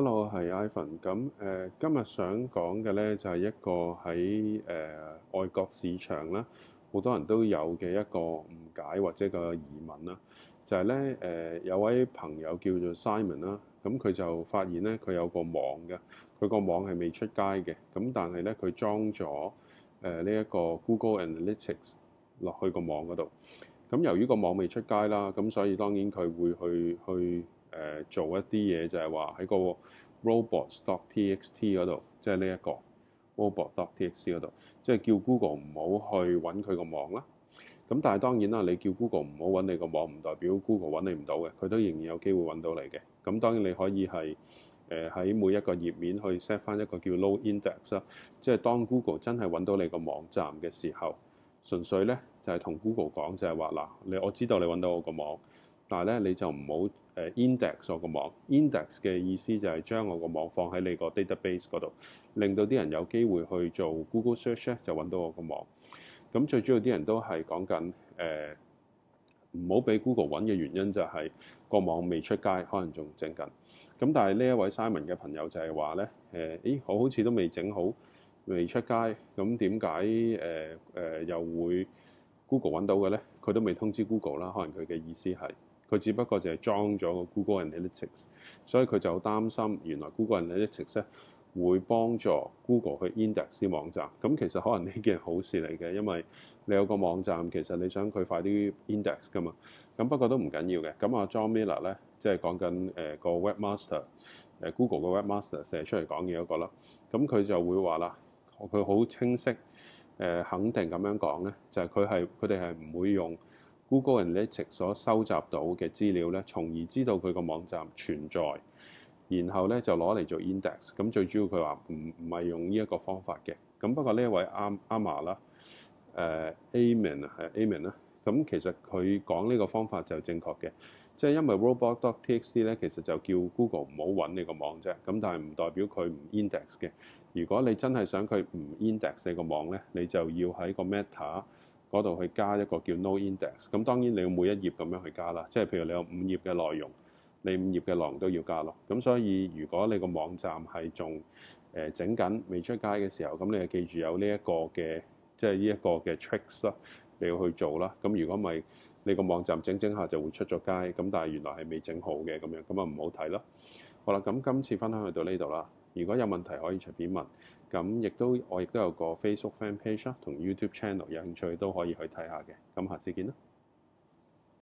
Hello，我係 Ivan。咁誒，今日想講嘅咧就係一個喺誒外國市場啦，好多人都有嘅一個誤解或者個疑問啦，就係咧誒有位朋友叫做 Simon 啦，咁佢就發現咧佢有個網嘅，佢個網係未出街嘅，咁但係咧佢裝咗誒呢一個 Google Analytics 落去個網嗰度，咁由於個網未出街啦，咁所以當然佢會去去。誒做一啲嘢就係話喺個 robots dot txt 嗰度，即係呢一個 robot dot txt 嗰度，即係叫 Google 唔好去揾佢個網啦。咁但係當然啦，你叫 Google 唔好揾你個網唔代表 Google 揾你唔到嘅，佢都仍然有機會揾到你嘅。咁當然你可以係誒喺每一個頁面去 set 翻一個叫 low index 啦。即係當 Google 真係揾到你個網站嘅時候，純粹咧就係同 Google 講，就係話嗱，你我知道你揾到我個網。但係咧，你就唔好誒 index 我個網。index 嘅意思就係將我個網放喺你個 database 嗰度，令到啲人有機會去做 Google search，就揾到我個網。咁最主要啲人都係講緊誒，唔、呃、好俾 Google 揾嘅原因就係、是、個網未出街，可能仲整緊。咁但係呢一位 Simon 嘅朋友就係話咧誒，咦我好似都未整好，未出街，咁點解誒誒又會 Google 揾到嘅咧？佢都未通知 Google 啦，可能佢嘅意思係。佢只不過就係裝咗個 Google Analytics，所以佢就擔心原來 Google Analytics 咧會幫助 Google 去 index 啲網站，咁其實可能呢件好事嚟嘅，因為你有個網站，其實你想佢快啲 index 噶嘛，咁不過都唔緊要嘅。咁阿 John Miller 咧，即係講緊誒個 Webmaster，誒 Google 個 Webmaster 寫出嚟講嘢嗰個啦，咁佢就會話啦，佢好清晰誒肯定咁樣講咧，就係佢係佢哋係唔會用。Google Analytics 所收集到嘅資料咧，從而知道佢個網站存在，然後咧就攞嚟做 index。咁最主要佢話唔唔係用呢一個方法嘅。咁不過呢一位阿阿嫲啦，誒 Amen 係 Amen 啦。咁其實佢講呢個方法就正確嘅，即係因為 robots.txt 咧其實就叫 Google 唔好揾你個網啫。咁但係唔代表佢唔 index 嘅。如果你真係想佢唔 index 你個網咧，你就要喺個 meta。嗰度去加一個叫 no index，咁當然你要每一頁咁樣去加啦。即係譬如你有五頁嘅內容，你五頁嘅內容都要加咯。咁所以如果你個網站係仲誒整緊未出街嘅時候，咁你就記住有呢一個嘅即係呢一個嘅 tricks 啦，你要去做啦。咁如果咪你個網站整整下就會出咗街，咁但係原來係未整好嘅咁樣，咁啊唔好睇咯。好啦，咁今次分享去到呢度啦。如果有問題可以隨便問，咁亦都我亦都有個 Facebook Fan Page 同 YouTube Channel，有興趣都可以去睇下嘅。咁下次見啦！